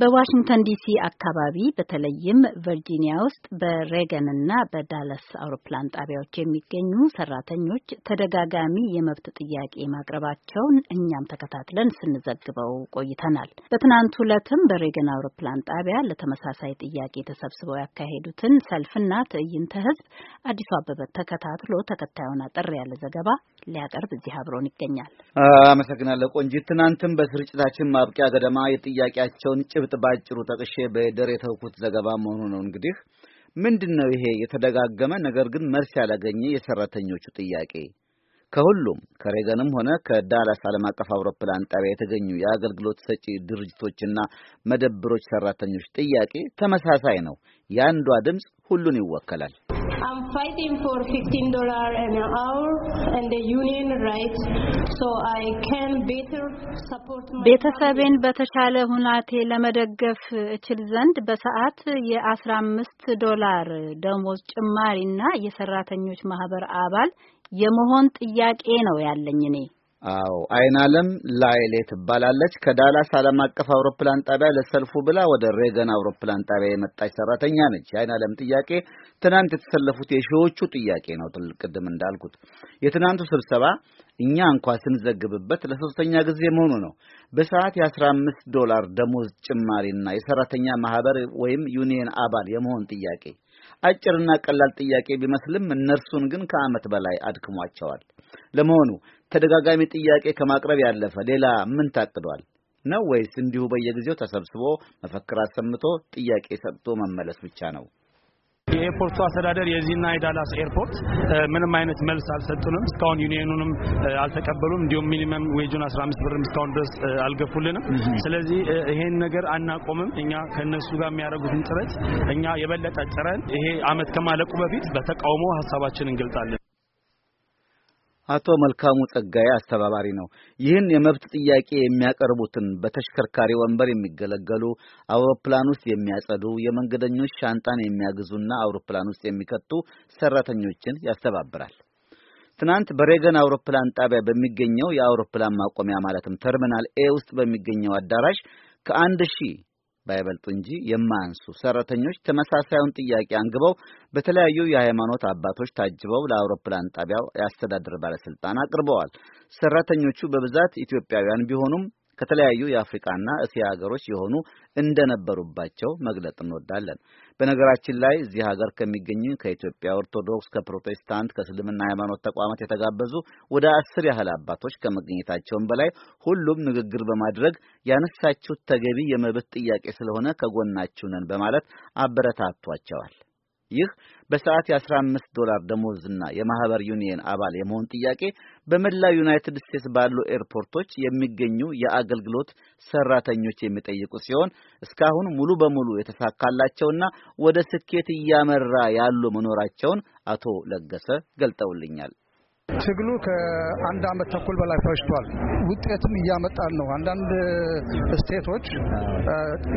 በዋሽንግተን ዲሲ አካባቢ በተለይም ቨርጂኒያ ውስጥ በሬገንና በዳለስ አውሮፕላን ጣቢያዎች የሚገኙ ሰራተኞች ተደጋጋሚ የመብት ጥያቄ ማቅረባቸውን እኛም ተከታትለን ስንዘግበው ቆይተናል። በትናንት ዕለትም በሬገን አውሮፕላን ጣቢያ ለተመሳሳይ ጥያቄ ተሰብስበው ያካሄዱትን ሰልፍና ትዕይንተ ህዝብ አዲሱ አበበት ተከታትሎ ተከታዩን አጠር ያለ ዘገባ ሊያቀርብ እዚህ አብሮን ይገኛል። አመሰግናለሁ ቆንጂት። ትናንትም በስርጭታችን ማብቂያ ገደማ የጥያቄያቸውን ጭብ ጭብጥ ባጭሩ ጠቅሼ በደር የተውኩት ዘገባ መሆኑ ነው። እንግዲህ ምንድን ነው ይሄ የተደጋገመ ነገር ግን መልስ ያላገኘ የሰራተኞቹ ጥያቄ? ከሁሉም ከሬገንም ሆነ ከዳላስ ዓለም አቀፍ አውሮፕላን ጣቢያ የተገኙ የአገልግሎት ሰጪ ድርጅቶችና መደብሮች ሰራተኞች ጥያቄ ተመሳሳይ ነው። የአንዷ ድምፅ ሁሉን ይወከላል። fighting for $15 an hour and the union rights so I can better support my ቤተሰቤን በተሻለ ሁናቴ ለመደገፍ እችል ዘንድ በሰዓት የ15 ዶላር ደሞዝ ጭማሪና የሰራተኞች ማህበር አባል የመሆን ጥያቄ ነው ያለኝ እኔ አዎ አይን አለም ላይሌ ትባላለች። ከዳላስ ዓለም አቀፍ አውሮፕላን ጣቢያ ለሰልፉ ብላ ወደ ሬገን አውሮፕላን ጣቢያ የመጣች ሰራተኛ ነች። የአይን አለም ጥያቄ ትናንት የተሰለፉት የሺዎቹ ጥያቄ ነው። ቅድም እንዳልኩት የትናንቱ ስብሰባ እኛ እንኳ ስንዘግብበት ለሶስተኛ ጊዜ መሆኑ ነው። በሰዓት የአስራ አምስት ዶላር ደሞዝ ጭማሪና የሰራተኛ ማህበር ወይም ዩኒየን አባል የመሆን ጥያቄ አጭርና ቀላል ጥያቄ ቢመስልም እነርሱን ግን ከዓመት በላይ አድክሟቸዋል። ለመሆኑ ተደጋጋሚ ጥያቄ ከማቅረብ ያለፈ ሌላ ምን ታቅዷል ነው ወይስ እንዲሁ በየጊዜው ተሰብስቦ መፈክር አሰምቶ ጥያቄ ሰጥቶ መመለስ ብቻ ነው? የኤርፖርቱ አስተዳደር የዚህና የዳላስ ኤርፖርት ምንም አይነት መልስ አልሰጡንም። እስካሁን ዩኒየኑንም አልተቀበሉም። እንዲሁም ሚኒመም ዌጁን 15 ብርም እስካሁን ድረስ አልገፉልንም። ስለዚህ ይሄን ነገር አናቆምም። እኛ ከነሱ ጋር የሚያደርጉትን ጥረት እኛ የበለጠ ጥረን ይሄ አመት ከማለቁ በፊት በተቃውሞ ሀሳባችን እንገልጣለን። አቶ መልካሙ ጸጋዬ አስተባባሪ ነው። ይህን የመብት ጥያቄ የሚያቀርቡትን በተሽከርካሪ ወንበር የሚገለገሉ፣ አውሮፕላን ውስጥ የሚያጸዱ፣ የመንገደኞች ሻንጣን የሚያግዙና አውሮፕላን ውስጥ የሚከቱ ሰራተኞችን ያስተባብራል። ትናንት በሬገን አውሮፕላን ጣቢያ በሚገኘው የአውሮፕላን ማቆሚያ ማለትም ተርሚናል ኤ ውስጥ በሚገኘው አዳራሽ ከአንድ ሺህ ባይበልጡ እንጂ የማያንሱ ሰራተኞች ተመሳሳዩን ጥያቄ አንግበው በተለያዩ የሃይማኖት አባቶች ታጅበው ለአውሮፕላን ጣቢያው የአስተዳደር ባለስልጣን አቅርበዋል። ሰራተኞቹ በብዛት ኢትዮጵያውያን ቢሆኑም ከተለያዩ የአፍሪካና እስያ ሀገሮች የሆኑ እንደነበሩባቸው መግለጥ እንወዳለን። በነገራችን ላይ እዚህ ሀገር ከሚገኙ ከኢትዮጵያ ኦርቶዶክስ፣ ከፕሮቴስታንት፣ ከእስልምና ሃይማኖት ተቋማት የተጋበዙ ወደ አስር ያህል አባቶች ከመገኘታቸውም በላይ ሁሉም ንግግር በማድረግ ያነሳችሁት ተገቢ የመብት ጥያቄ ስለሆነ ከጎናችሁ ነን በማለት አበረታቷቸዋል። ይህ በሰዓት የ15 ዶላር ደሞዝና የማህበር ዩኒየን አባል የመሆን ጥያቄ በመላው ዩናይትድ ስቴትስ ባሉ ኤርፖርቶች የሚገኙ የአገልግሎት ሰራተኞች የሚጠይቁ ሲሆን እስካሁን ሙሉ በሙሉ የተሳካላቸውና ወደ ስኬት እያመራ ያሉ መኖራቸውን አቶ ለገሰ ገልጠውልኛል። ትግሉ ከአንድ አመት ተኩል በላይ ፈጅቷል። ውጤትም እያመጣን ነው። አንዳንድ ስቴቶች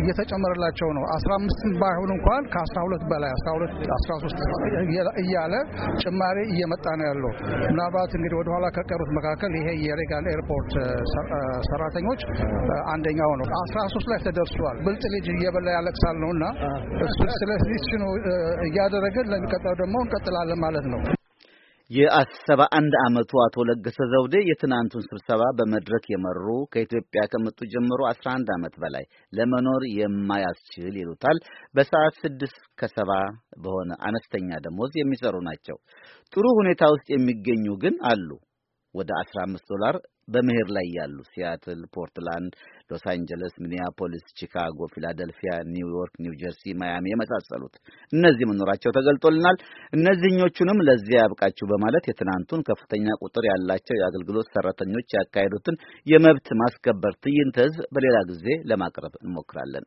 እየተጨመረላቸው ነው። አስራ አምስትም ባይሆን እንኳን ከአስራ ሁለት በላይ አስራ ሁለት አስራ ሶስት እያለ ጭማሪ እየመጣ ነው ያለው። ምናልባት እንግዲህ ወደኋላ ከቀሩት መካከል ይሄ የሬጋን ኤርፖርት ሰራተኞች አንደኛው ነው። አስራ ሶስት ላይ ተደርሷል። ብልጥ ልጅ እየበላ ያለቅሳል ነው እና ስለዚህ እያደረግን ለሚቀጥለው ደግሞ እንቀጥላለን ማለት ነው። የአሰባ አንድ ዓመቱ አቶ ለገሰ ዘውዴ የትናንቱን ስብሰባ በመድረክ የመሩ ከኢትዮጵያ ከመጡ ጀምሮ 11 ዓመት በላይ ለመኖር የማያስችል ይሉታል በሰዓት ስድስት ከሰባ በሆነ አነስተኛ ደሞዝ የሚሰሩ ናቸው። ጥሩ ሁኔታ ውስጥ የሚገኙ ግን አሉ። ወደ 15 ዶላር በመሄድ ላይ ያሉ ሲያትል፣ ፖርትላንድ፣ ሎስ አንጀለስ፣ ሚኒያፖሊስ፣ ቺካጎ፣ ፊላደልፊያ፣ ኒውዮርክ፣ ኒው ጀርሲ፣ ማያሚ የመሳሰሉት እነዚህ መኖራቸው ተገልጦልናል። እነዚህኞቹንም ለዚያ ያብቃችሁ በማለት የትናንቱን ከፍተኛ ቁጥር ያላቸው የአገልግሎት ሰራተኞች ያካሄዱትን የመብት ማስከበር ትዕይንተ ህዝብ በሌላ ጊዜ ለማቅረብ እንሞክራለን።